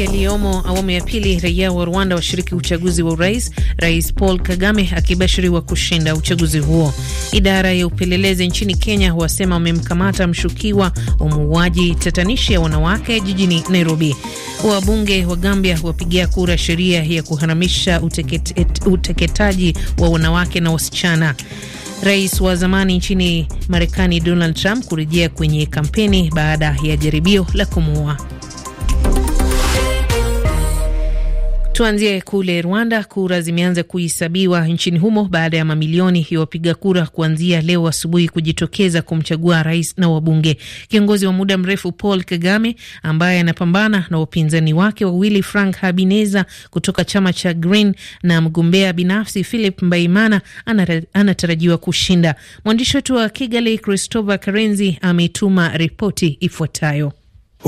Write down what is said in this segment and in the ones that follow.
yaliyomo awamu ya pili, raia wa Rwanda washiriki uchaguzi wa urais, Rais Paul Kagame akibashiriwa kushinda uchaguzi huo. Idara ya upelelezi nchini Kenya wasema wamemkamata mshukiwa wa muuaji tatanishi ya wanawake jijini Nairobi. Wabunge wa Gambia wapigia kura sheria ya kuharamisha uteket, uteketaji wa wanawake na wasichana. Rais wa zamani nchini Marekani Donald Trump kurejea kwenye kampeni baada ya jaribio la kumuua. Tuanzie kule Rwanda. Kura zimeanza kuhesabiwa nchini humo baada ya mamilioni ya wapiga kura kuanzia leo asubuhi kujitokeza kumchagua rais na wabunge. Kiongozi wa muda mrefu Paul Kagame ambaye anapambana na wapinzani wake wawili Frank Habineza kutoka chama cha Green na mgombea binafsi Philip Mbaimana anatarajiwa kushinda. Mwandishi wetu wa Kigali Christopher Karenzi ametuma ripoti ifuatayo.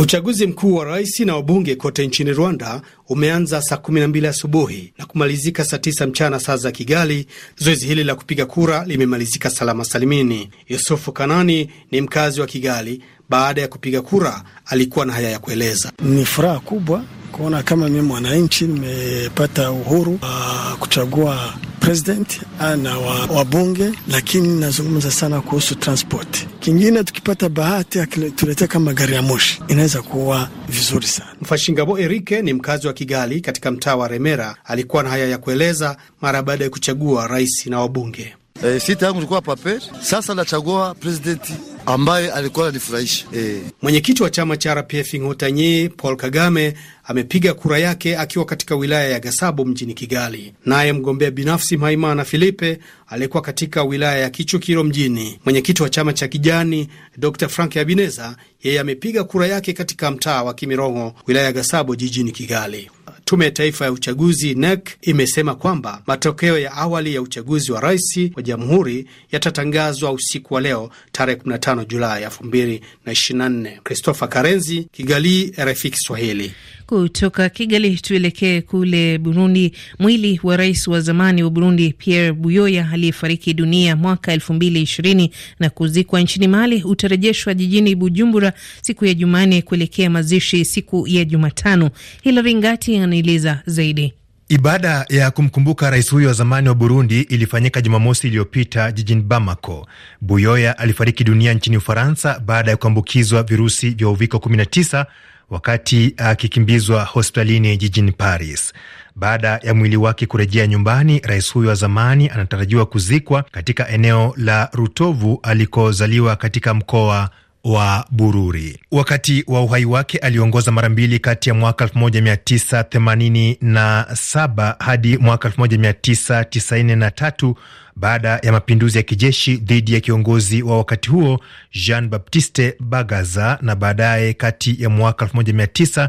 Uchaguzi mkuu wa rais na wabunge kote nchini Rwanda umeanza saa 12 asubuhi na kumalizika saa 9 mchana saa za Kigali. Zoezi hili la kupiga kura limemalizika salama salimini. Yusufu Kanani ni mkazi wa Kigali. Baada ya kupiga kura, alikuwa na haya ya kueleza. Ni furaha kubwa kuona kama mimi mwananchi nimepata uhuru wa kuchagua president na wabunge, lakini nazungumza sana kuhusu transport Kingine tukipata bahati tuletea kama gari ya moshi, inaweza kuwa vizuri sana. Mfashingabo Erike ni mkazi wa Kigali katika mtaa wa Remera. Alikuwa na haya ya kueleza mara baada ya kuchagua rais na wabunge. E, sita yangu ilikuwa pape, sasa nachagua presidenti ambaye alikuwa ananifurahisha e. Mwenyekiti wa chama cha RPF Ngotanye Paul Kagame amepiga kura yake akiwa katika wilaya ya Gasabo mjini Kigali. Naye mgombea binafsi Maimana Filipe aliyekuwa katika wilaya ya Kichukiro mjini. Mwenyekiti wa chama cha kijani Dr Frank Abineza yeye amepiga kura yake katika mtaa wa Kimirongo wilaya ya Gasabo jijini Kigali. Tume ya Taifa ya Uchaguzi NEC imesema kwamba matokeo ya awali ya uchaguzi wa rais wa jamhuri yatatangazwa usiku wa leo tarehe 15 Julai 2024. Christopher Karenzi, Kigali, RFI Kiswahili. Kutoka Kigali tuelekee kule Burundi. Mwili wa rais wa zamani wa Burundi Pierre Buyoya aliyefariki dunia mwaka elfu mbili ishirini na kuzikwa nchini Mali utarejeshwa jijini Bujumbura siku ya Jumanne kuelekea mazishi siku ya Jumatano. Hilari Ngati ana anaeleza zaidi. Ibada ya kumkumbuka rais huyo wa zamani wa Burundi ilifanyika Jumamosi iliyopita jijini Bamako. Buyoya alifariki dunia nchini Ufaransa baada ya kuambukizwa virusi vya uviko 19 wakati akikimbizwa hospitalini jijini Paris. Baada ya mwili wake kurejea nyumbani, rais huyo wa zamani anatarajiwa kuzikwa katika eneo la Rutovu alikozaliwa katika mkoa wa Bururi. Wakati wa uhai wake aliongoza mara mbili kati ya mwaka 1987 hadi mwaka 1993 baada ya mapinduzi ya kijeshi dhidi ya kiongozi wa wakati huo Jean Baptiste Bagaza na baadaye kati ya mwaka 19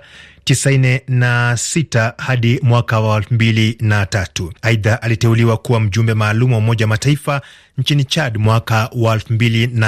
96 hadi mwaka wa tatu. Aidha, aliteuliwa kuwa mjumbe maalum wa Umoja wa Mataifa nchini Chad mwaka wa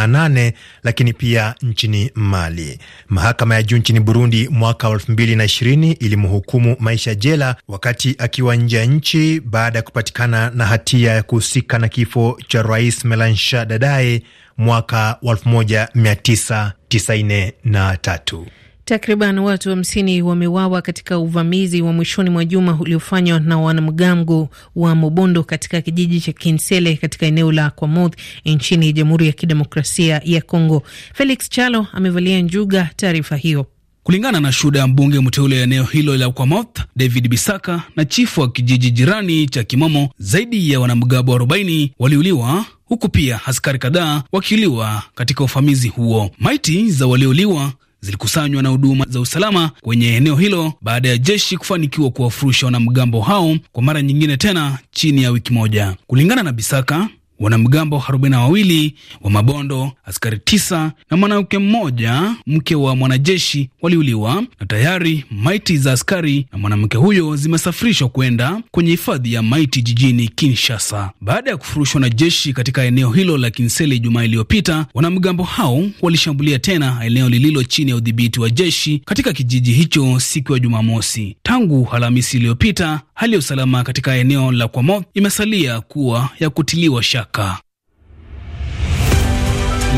nane lakini pia nchini Mali. Mahakama ya juu nchini Burundi mwaka wa ishirini ilimhukumu maisha jela wakati akiwa nje ya nchi baada ya kupatikana na hatia ya kuhusika na kifo cha Rais Melansha Dadae mwaka wa 1993. Takriban watu hamsini wa wamewawa katika uvamizi wa mwishoni mwa juma uliofanywa na wanamgambo wa Mobondo katika kijiji cha Kinsele katika eneo la Kwamoth nchini Jamhuri ya Kidemokrasia ya Kongo. Felix Chalo amevalia njuga taarifa hiyo. Kulingana na shuhuda ya mbunge mteule ya eneo hilo la Kwamoth, David Bisaka, na chifu wa kijiji jirani cha Kimomo, zaidi ya wanamgambo 40 waliuliwa huku pia askari kadhaa wakiuliwa katika ufamizi huo. Maiti za waliouliwa zilikusanywa na huduma za usalama kwenye eneo hilo baada ya jeshi kufanikiwa kuwafurusha wanamgambo hao kwa mara nyingine tena chini ya wiki moja, kulingana na Bisaka wanamgambo 42 wa Mabondo, askari tisa na mwanamke mmoja, mke wa mwanajeshi, waliuliwa na tayari maiti za askari na mwanamke huyo zimesafirishwa kwenda kwenye hifadhi ya maiti jijini Kinshasa baada ya kufurushwa na jeshi katika eneo hilo la Kinsele Jumaa iliyopita. Wanamgambo hao walishambulia tena eneo lililo chini ya udhibiti wa jeshi katika kijiji hicho siku ya Jumamosi. Tangu Alhamisi iliyopita, hali ya usalama katika eneo la Kwamoth imesalia kuwa ya kutiliwa shaka haraka.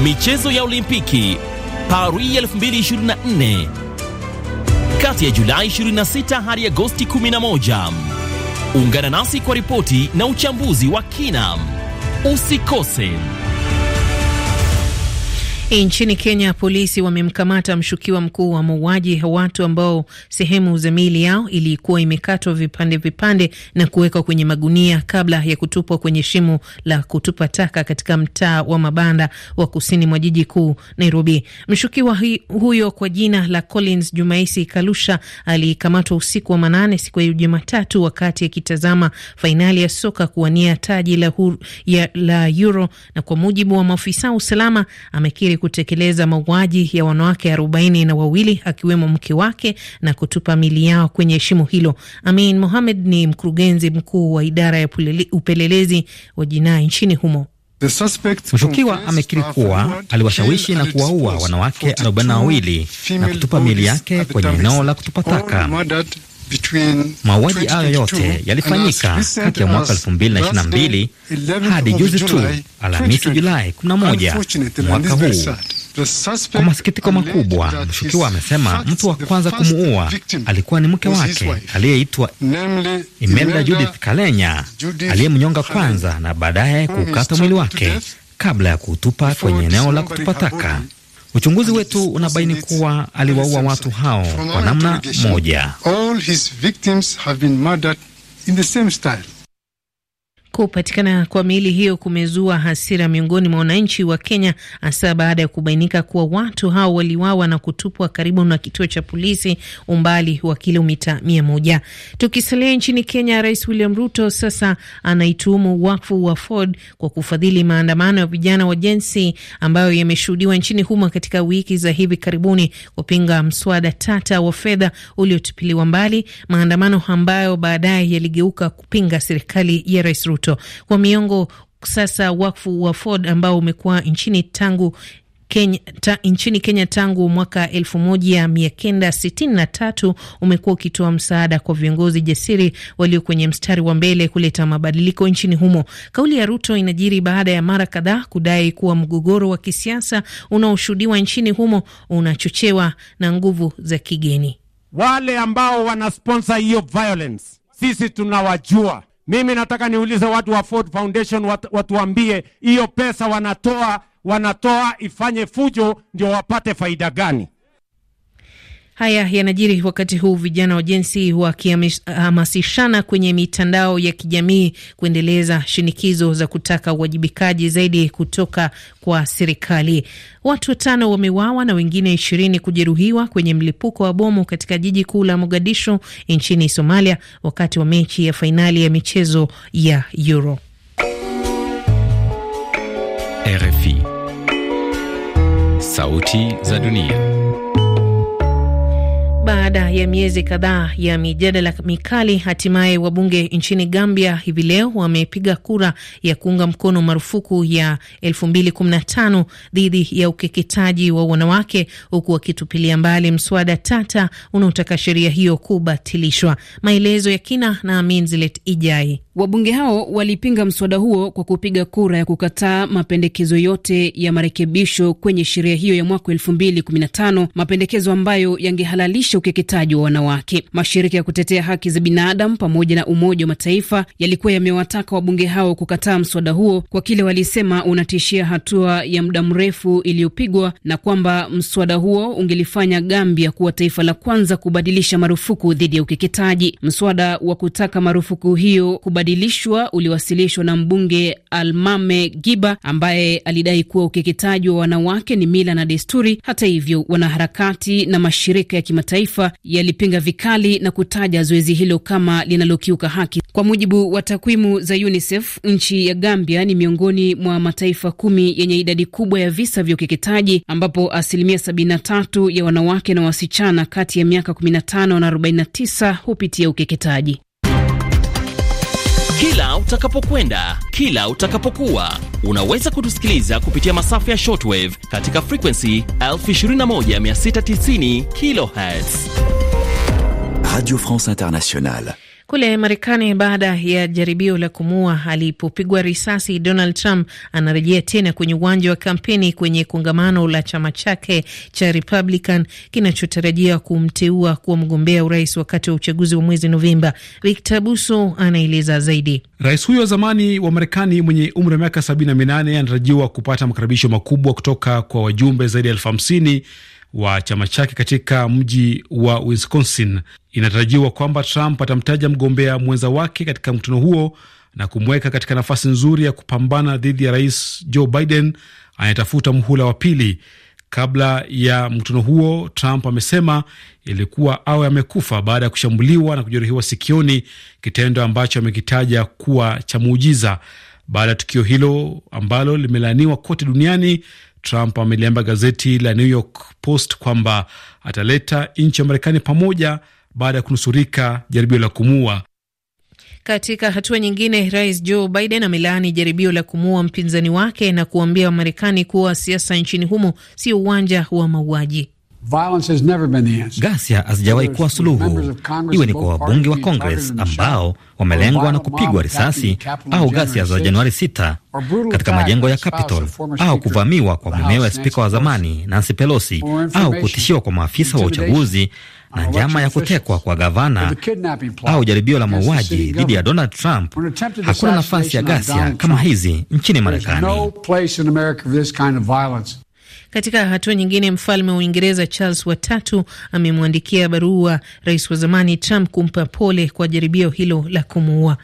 Michezo ya Olimpiki Paris 2024 kati ya Julai 26 hadi Agosti 11. Ungana nasi kwa ripoti na uchambuzi wa kina. Usikose. Nchini Kenya, polisi wamemkamata mshukiwa mkuu wa mauaji ya watu ambao sehemu za miili yao ilikuwa imekatwa vipande vipande na kuwekwa kwenye magunia kabla ya kutupwa kwenye shimo la kutupa taka katika mtaa wa mabanda wa kusini mwa jiji kuu Nairobi. Mshukiwa huyo kwa jina la Collins Jumaisi Kalusha alikamatwa usiku wa manane siku ya Jumatatu wakati akitazama fainali ya soka kuwania taji la, huru, ya, la Euro na kwa mujibu wa maafisa usalama amekiri kutekeleza mauaji ya wanawake arobaini na wawili akiwemo mke wake na kutupa mili yao kwenye shimo hilo. Amin Mohamed ni mkurugenzi mkuu wa idara ya upelelezi wa jinai nchini humo. Mshukiwa amekiri kuwa aliwashawishi na kuwaua wanawake arobaini na wawili na kutupa mili yake kwenye eneo la kutupa taka. Mauaji hayo yote yalifanyika kati ya mwaka 2022 hadi juzi tu Alhamisi, Julai 11 mwaka huu. Kwa masikitiko makubwa, mshukiwa amesema mtu wa kwanza kumuua alikuwa ni mke wake aliyeitwa Imelda Judith Kalenya aliyemnyonga kwanza na baadaye kuukata mwili wake kabla ya kuutupa kwenye eneo la kutupa taka. Uchunguzi wetu unabaini kuwa aliwaua watu hao kwa namna moja. All his victims have been murdered in the same style. Kupatikana kwa miili hiyo kumezua hasira miongoni mwa wananchi wa Kenya, hasa baada ya kubainika kuwa watu hao waliwawa na kutupwa karibu na kituo cha polisi umbali wa kilomita mia moja. Tukisalia nchini Kenya, Rais William Ruto sasa anaituhumu wakfu wa Ford kwa kufadhili maandamano ya vijana wa jensi ambayo yameshuhudiwa nchini humo katika wiki za hivi karibuni kupinga mswada tata wa fedha uliotupiliwa mbali, maandamano ambayo baadaye yaligeuka kupinga serikali ya Rais Ruto. Ruto kwa miongo sasa. Wakfu wa Ford ambao umekuwa nchini tangu Kenya, ta, nchini Kenya tangu mwaka tatu umekuwa ukitoa msaada kwa viongozi jasiri walio kwenye mstari wa mbele kuleta mabadiliko nchini humo. Kauli ya Ruto inajiri baada ya mara kadhaa kudai kuwa mgogoro wa kisiasa unaoshuhudiwa nchini humo unachochewa na nguvu za kigeni. Wale ambao wanasponsa hiyo violence, sisi tunawajua mimi nataka niulize watu wa Ford Foundation wat, watuambie hiyo pesa wanatoa wanatoa ifanye fujo ndio wapate faida gani? Haya yanajiri wakati huu vijana wa jensi wakihamasishana kwenye mitandao ya kijamii kuendeleza shinikizo za kutaka uwajibikaji zaidi kutoka kwa serikali. Watu watano wameuawa na wengine ishirini kujeruhiwa kwenye mlipuko wa bomu katika jiji kuu la Mogadishu nchini Somalia wakati wa mechi ya fainali ya michezo ya Euro. RFI, Sauti za Dunia. Baada ya miezi kadhaa ya mijadala mikali, hatimaye wabunge nchini Gambia hivi leo wamepiga kura ya kuunga mkono marufuku ya 2015 dhidi ya ukeketaji wa wanawake, huku wakitupilia mbali mswada tata unaotaka sheria hiyo kubatilishwa. Maelezo ya kina na Minzilet Ijai. Wabunge hao walipinga mswada huo kwa kupiga kura ya kukataa mapendekezo yote ya marekebisho kwenye sheria hiyo ya mwaka elfu mbili kumi na tano, mapendekezo ambayo yangehalalisha ukeketaji wa wanawake. Mashirika ya kutetea haki za binadamu pamoja na Umoja wa Mataifa yalikuwa yamewataka wabunge hao kukataa mswada huo kwa kile walisema unatishia hatua ya muda mrefu iliyopigwa na kwamba mswada huo ungelifanya Gambia kuwa taifa la kwanza kubadilisha marufuku dhidi ya ukeketaji. Mswada wa kutaka marufuku hiyo kubadilishwa uliwasilishwa na mbunge Almame Giba ambaye alidai kuwa ukeketaji wa wanawake ni mila na desturi. Hata hivyo, wanaharakati na mashirika ya kimataifa yalipinga vikali na kutaja zoezi hilo kama linalokiuka haki. Kwa mujibu wa takwimu za UNICEF, nchi ya Gambia ni miongoni mwa mataifa kumi yenye idadi kubwa ya visa vya ukeketaji ambapo asilimia 73 ya wanawake na wasichana kati ya miaka 15 na 49 hupitia ukeketaji. Kila utakapokwenda, kila utakapokuwa, unaweza kutusikiliza kupitia masafa ya shortwave katika frequency 21690 kHz. Radio France Internationale. Kule Marekani, baada ya jaribio la kumua alipopigwa risasi, Donald Trump anarejea tena kwenye uwanja wa kampeni kwenye kongamano la chama chake cha Republican kinachotarajia kumteua kuwa mgombea urais wakati wa uchaguzi wa mwezi Novemba. Victor Buso anaeleza zaidi. Rais huyo wa zamani wa Marekani mwenye umri wa miaka 78 anatarajiwa kupata makaribisho makubwa kutoka kwa wajumbe zaidi ya elfu hamsini wa chama chake katika mji wa Wisconsin. Inatarajiwa kwamba Trump atamtaja mgombea mwenza wake katika mkutano huo na kumweka katika nafasi nzuri ya kupambana dhidi ya Rais Joe Biden anayetafuta mhula wa pili. Kabla ya mkutano huo, Trump amesema ilikuwa awe amekufa baada ya kushambuliwa na kujeruhiwa sikioni, kitendo ambacho amekitaja kuwa cha muujiza. Baada ya tukio hilo ambalo limelaaniwa kote duniani, Trump ameliamba gazeti la New York Post kwamba ataleta nchi ya Marekani pamoja baada ya kunusurika jaribio la kumua. Katika hatua nyingine, rais Joe Biden amelaani jaribio la kumuua mpinzani wake na kuwaambia Wamarekani kuwa siasa nchini humo sio uwanja wa mauaji. Ghasia hazijawahi kuwa suluhu, iwe ni kwa wabunge wa Kongres ambao wamelengwa na kupigwa risasi au ghasia za Januari 6 katika majengo ya Capitol au kuvamiwa kwa mumewe spika wa zamani Nancy Pelosi au kutishiwa kwa maafisa wa uchaguzi na njama ya kutekwa kwa gavana au jaribio la mauaji dhidi ya Donald Trump. Hakuna nafasi ya ghasia kama hizi nchini Marekani. Katika hatua nyingine, mfalme wa Uingereza Charles watatu amemwandikia barua rais wa zamani Trump kumpa pole kwa jaribio hilo la kumuua.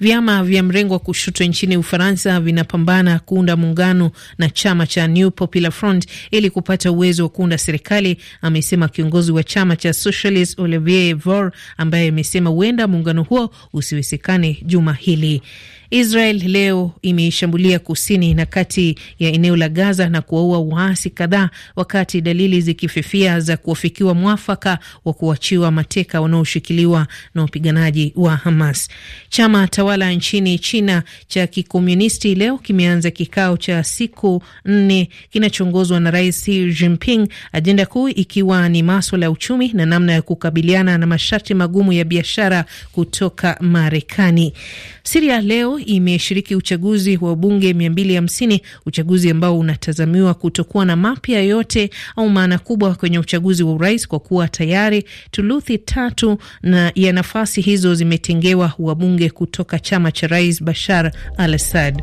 Vyama vya mrengo wa kushoto nchini Ufaransa vinapambana kuunda muungano na chama cha New Popular Front ili kupata uwezo wa kuunda serikali, amesema kiongozi wa chama cha Socialist Olivier ambaye amesema huenda muungano huo usiwezekane juma hili. Israel leo imeishambulia kusini na kati ya eneo la Gaza na kuwaua waasi kadhaa, wakati dalili zikififia za kuwafikiwa mwafaka wa kuachiwa mateka wanaoshikiliwa na wapiganaji wa Hamas. Chama tawala nchini China cha kikomunisti leo kimeanza kikao cha siku nne kinachoongozwa na Rais Xi Jinping, ajenda kuu ikiwa ni maswala ya uchumi na namna ya kukabiliana na masharti magumu ya biashara kutoka Marekani. Siria leo imeshiriki uchaguzi wa bunge 250, uchaguzi ambao unatazamiwa kutokuwa na mapya yote au maana kubwa kwenye uchaguzi wa urais kwa kuwa tayari tuluthi tatu na ya nafasi hizo zimetengewa wabunge kutoka chama cha Rais Bashar al-Assad.